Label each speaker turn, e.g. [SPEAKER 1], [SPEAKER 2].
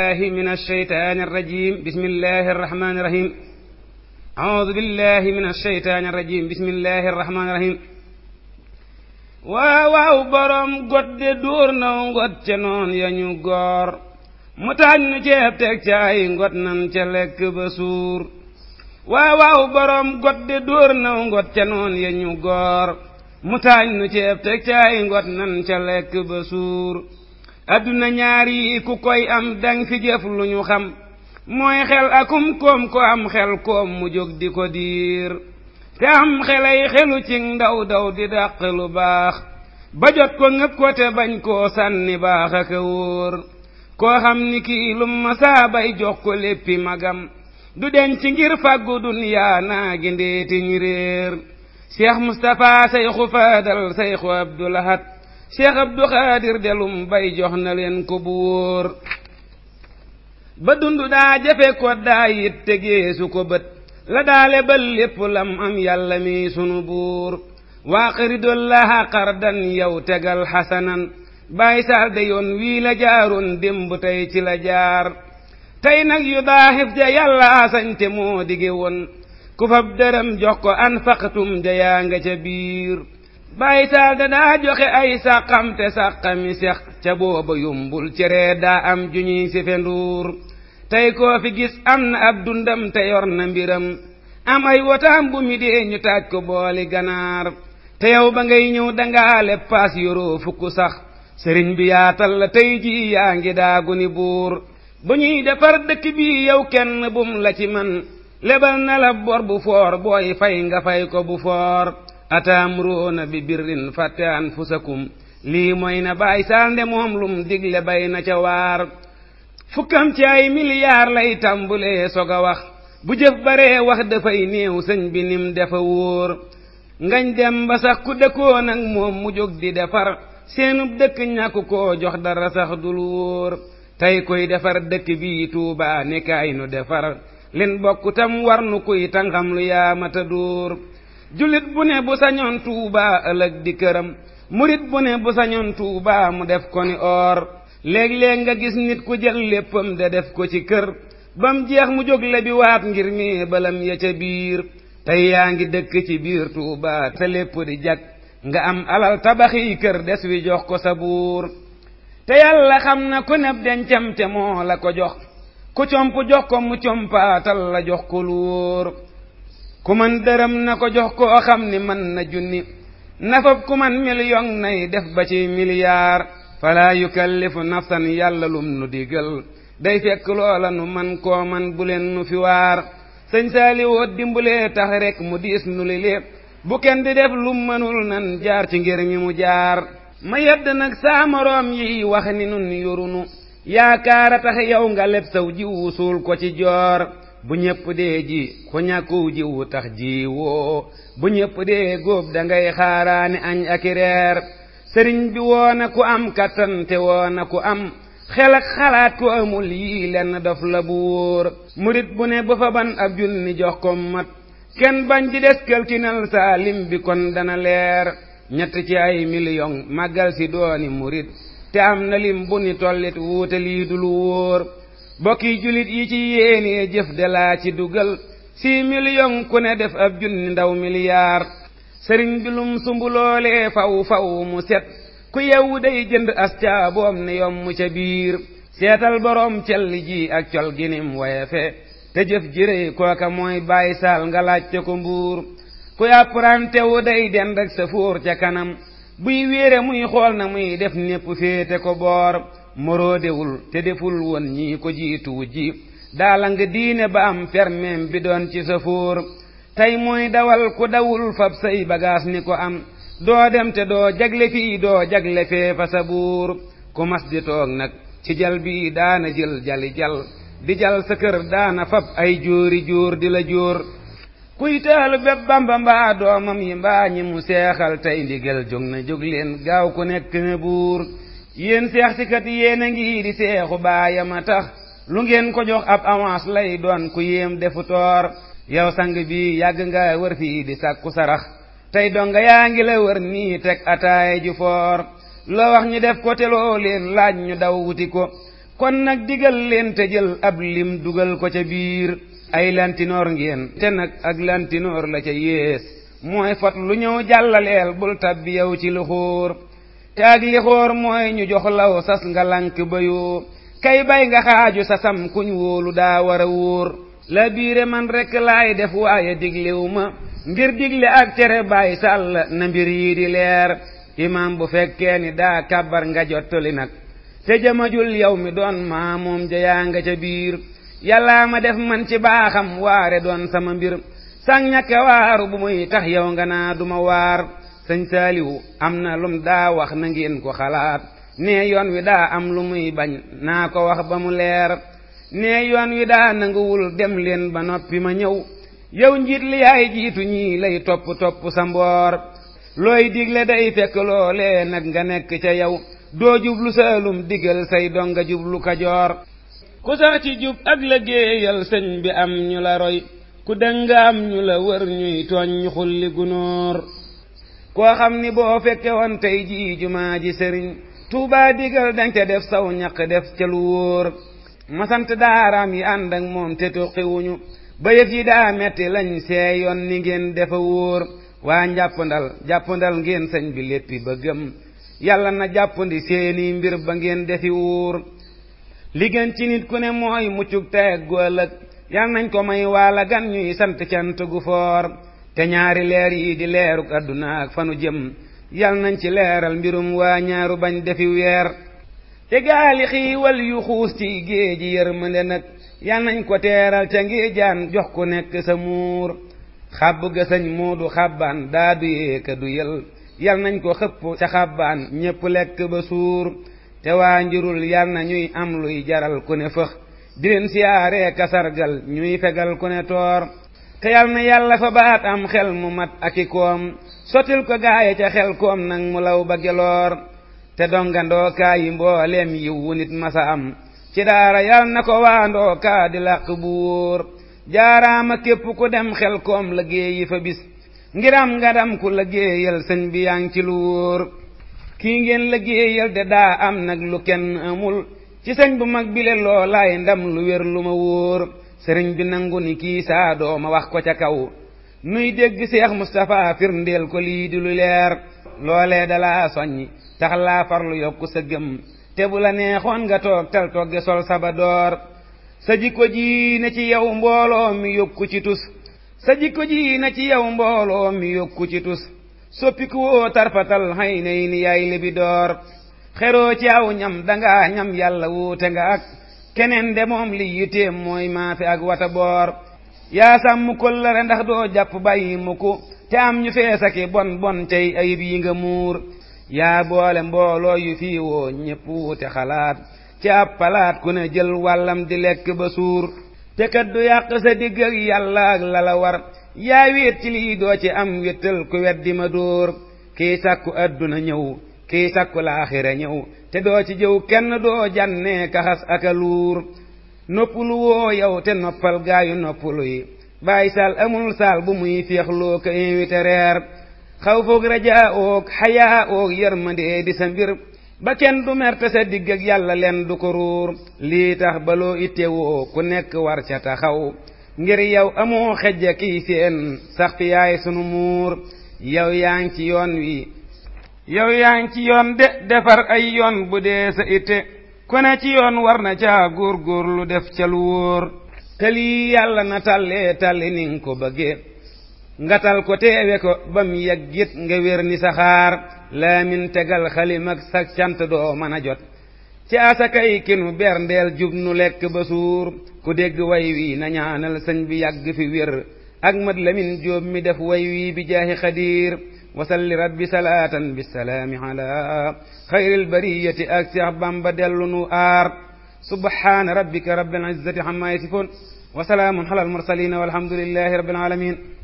[SPEAKER 1] الله من الشيطان الرجيم بسم الله الرحمن الرحيم أعوذ بالله من الشيطان الرجيم بسم الله الرحمن الرحيم waaw waaw borom got de dóor naw ngot ca noon ya ñu goor mu taaj nu ceeb teg ca ay ngot nan ca lekk ba suur waaw waaw borom got de dóor naw ngot ca noon ya ñu goor mu taaj nu ceeb teg ca ay ngot nan ca lekk ba suur adduna ñaari ku koy am dang fi jëf lu ñu xam mooy xel akum koom ko am xel koom mu jóg di ko diir te am xelay xelu ci ndaw daw di dàq lu baax ba jot ko ngëp ko te bañ koo sànni baax ak a wóor koo xam ni kii lu ma saa bay jox ko léppi magam du denc ngir fàggu dunyaa naa gi ndeeti ñu réer Cheikh Moustapha Seyxu Faadal Seyxu Abdulahat Cheikh Abdou Khadir delum bay jox na leen ko bu wóor ba dund daa jafe ko daa yit ko bët la daale ba lépp lam am yàlla mi sunu buur waa xëridol laha xardan yow tegal xasanan bàyyi saal de yoon wii la jaaroon démb tey ci la jaar tey nag yu daaxif ja yàlla asañte moo dige woon ku fab jox ko an faqtum nga ca biir bàyyi taaga daa joxe ay sàqam te sàqami sex ca booba yumbul cere daa am ju ñuy sifenduur tey koo fi gis am na ab dundam te yor na mbiram am ay wotaam bu mi dee ñu taaj ko booli ganaar te yow ba ngay ñëw dangaa paas yoroo fukk sax sëriñ bi yaatal la tey jii yaa ngi daagu ni buur bu ñuy defar dëkk bi yow kenn bum la ci man lebal na la bor bu foor booy fay nga fay ko bu foor ataamruuna bi birrin fàtte anfusakum lii mooy na bàyyi saal nde moom lum digle bay na ca waar fukkam ci ay milliard lay tàmbulee soog a wax bu jëf baree wax dafay néew sëñ bi nim dafa wóor ngañ dem ba sax ku dëkkoon ak moom mu jóg di defar seenub dëkk ñàkku ko jox dara sax dul wóor tey koy defar dëkk bii tuubaa ne kaay nu defar leen bokk war nu kuy tàngam lu yaamata dóor jullit bu ne bu sañoon tuubaa ëllëg di këram murit bu ne bu sañoon tuubaa mu def ko ni or léeg-léeg nga gis nit ku jël léppam de def ko ci kër bam jeex mu jóg la bi waat ngir mi balam ya ca biir tey yaa ngi dëkk ci biir tuubaa te lépp di jag nga am alal tabaxi kër des wi jox ko sa buur te yàlla xam na ku neb dencam te moo la ko jox ku comp jox ko mu compaatal la jox ko luur ku man na ko jox koo xam ni man na junni na fab ku nay def ba ci miliyaar falaa yukallifu nafsan yàlla lum nu digal day fekk loola nu man koo man bu leen nu fi waar sëñ saali woo dimbulee tax rek mu diis nu li lépp bu kenn di def lum mënul nan jaar ci ngir ñi mu jaar ma yedd nag saa moroom yi wax ni nun yorunu yaakaara tax yow nga leb saw jiwu ko ci joor bu ñëpp dee ji ku ñàkku ji wu tax ji woo bu ñëpp dee góob dangay ngay xaaraani añ ak reer sëriñ bi woo na ku am kattan te woo na ku am xel ak xalaat ku amul yii lenn dof la bu wóor murit bu ne ba fa ban ab junni jox ko mat kenn bañ di des kelkinal saalim bi kon dana leer ñett ci ay million màggal si dooni murit te am na bu ni tollit wuute wóor bokki julit yi ci yéenee jëf de laa ci dugal six millions ku ne def ab junni ndaw milliard sëriñ bi lum sumb faw faw mu set ku yewwu day jënd as caaboom ne yom ca biir seetal boroom cell ji ak col ginim woyefe te jëf jëre kooka mooy bàyyi saal nga laajte ko mbuur ku yàppurante day dend ak sa fóor ca kanam buy wéere muy xool na muy def népp féete ko boor moroodewul te deful woon ñii ko jiitu wujji daala nga diine ba am permeem bi doon ci sa fóor tey muy dawal ku dawul fab say bagaas ni ko am doo dem te doo jagle fii doo jagle fee fa sa buur ku mas di toog nag ci jal bii daana jël jali jal di jal sa kër daana fab ay joori joor di la joor kuy taalu bépp bamba mbaa doomam yi mbaa ñi mu seexal tey ndigal jóg na jóg leen gaaw ku nekk ne buur yéen seex si kat yéen a ngi di seexu baayam a tax lu ngeen ko jox ab avance lay doon ku yéem defu toor yow sang bi yàgg nga wër fii di sàkku sarax tey donga yaa ngi la wër nii teg ataay ju foor loo wax ñu def ko te loo leen laaj ñu daw wuti ko kon nag digal leen te jël ab lim dugal ko ca biir ay lantinoor ngeen te nag ak lantinoor la ca yées mooy fot lu ñëw jàllaleel bul tabbi yow ci lu te ak li mooy ñu jox law sas nga lank bayoo kay bay nga xaaju sasam kuñ wóolu daa war a wóor la biire man rek lay def waaye diglewu ma ngir digle ak tere bàyyi sàll na mbir yi di leer imam bu fekkee ni daa kabar nga jottali nag te jëmajul yow mi doon maa moom jayaa nga ca biir yàllaa ma def man ci baaxam waare doon sama mbir sang ñàkke waaru bu muy tax yow nga naa duma waar sëñ saaliwu am na lum daa wax na ngeen ko xalaat nee yoon wi daa am lu muy bañ naa ko wax ba mu leer nee yoon wi daa nanguwul dem leen ba noppi ma ñëw yow njiit li yaay jiitu ñii lay topp topp sa mboor looy digle day fekk loolee nag nga nekk ca yow doo jublu lum digal say donga jublu kajoor ku sax ci jub ak la géeyal sëñ bi am ñu la roy ku dënga am ñu la wër ñuy tooñ ñu xulli gunóor koo xam ni boo fekke woon tey jii jumaa ji sëriñ Tuubaa digal dañ te def saw ñaq def ca lu wóor ma sant daaraam yi ànd ak moom te toqiwuñu ba yëf yi daa metti lañ see yoon ni ngeen defa wóor waa njàppandal jàppandal ngeen sañ bi léppi ba gëm yàlla na jàppandi seeni mbir ba ngeen defi wóor li gën ci nit ku ne mooy muccug tey ëllëg yàlla nañ ko may waala gan ñuy sant cant gu foor te ñaari leer yi di leeru àdduna ak fanu jëm yal nañ ci leeral mbirum waa ñaaru bañ defi te gaali xiiwal yu xuus ci géeji yërmande nag yal nañ ko teeral ca ngi jaan jox ku nekk sa muur xàbb ga sëñ moodu xàbbaan daa du yéeka du yël yal nañ ko xëpp ca xàbbaan ñépp lekk ba suur te waa njurul yal na ñuy am luy jaral ku ne fëx di leen siyaaree kasargal ñuy fegal ku ne toor te yal na yàlla fa baat am xel mu mat ak i koom sotil ko gaaye ca xel koom nag mu law ba geloor te dongandookaa yi mbooleem yi wu nit masa am ci daara yal na ko waandookaa di làq bu wóor jaaraama képp ku dem xel koom liggéey yi fa bis ngiram nga dam ku liggéeyal sëñ bi yaa ngi ci lu wóor kii ngeen liggéeyal de daa am nag lu kenn amul ci sëñ bu mag bile loolaay ndam lu wér lu ma wóor sëriñ bi nangu ni kii saa dooma wax ko ca kaw nuy dégg seex Mustapha firndeel ko lii di lu leer loolee dalaa soññ tax laa farlu yokku sa gëm te bu la neexoon nga toog tal togge sol saba sa jikko ji ne ci yow mbooloo mi yokku ci tus sa jikko ji ne ci yow mbooloo mi yokku ci tus soppiku woo tarfatal ni yaay libi xeroo ci aw ñam dangaa ñam yàlla wuute nga ak keneen de moom li yiteem mooy maafe ak wata boor yaa sàmm kóllëre ndax doo jàpp bàyyi mukk te am ñu feesaki bon bon tey ayib yi nga muur yaa boole mbooloo yu fii woo ñépp wuute xalaat ci ab palaat ku ne jël wàllam di lekk ba suur te kat du yàq sa digg ak yàlla ak lala war yaa wéet ci lii doo ci am wéttal ku weddi ma dóor kiy sàkku àdduna ñëw kii sakku laaxira ñëw te doo ci jëw kenn doo jànnee kaxas aka luur noppalu woo yow te noppal gaayu noppalu yi bàyyi sal amul sal bu muy féexloo ko invité xaw foog rajaa oog xayaa oog yërmandee di sa mbir ba kenn du merte sa digg ak yàlla leen du ko ruur lii tax baloo ittewoo ku nekk war ca taxaw ngir yow amoo xejja kii seen sax fi yaay sunu muur yow yaa ngi yoon wi yow yaa ngi ci yoon de defar ay yoon bu dee sa ite ku ne ci yoon war na caa góorgóorlu def ca lu wóor te lii yàlla na tallee talli ni nga ko bëggee nga tal ko teewe ko ba mu yàggit nga wér ni sa xaar laamin tegal xalim sa cant doo mën a jot ci asaka yi ki nu berndeel jub nu lekk ba suur ku dégg way wii na ñaanal sëñ bi yàgg fi wér ak mat lamin jóob mi def way wii bi jaahi xadiir wasalli rabbi salaatan bisalaami ala xayril bariyati ak Seex Bamba dellu nu aar subhaana rabbika rabbil izzati amma yasifoon wa salaamun ala al mursalin walhamdulillahi rabbil alamin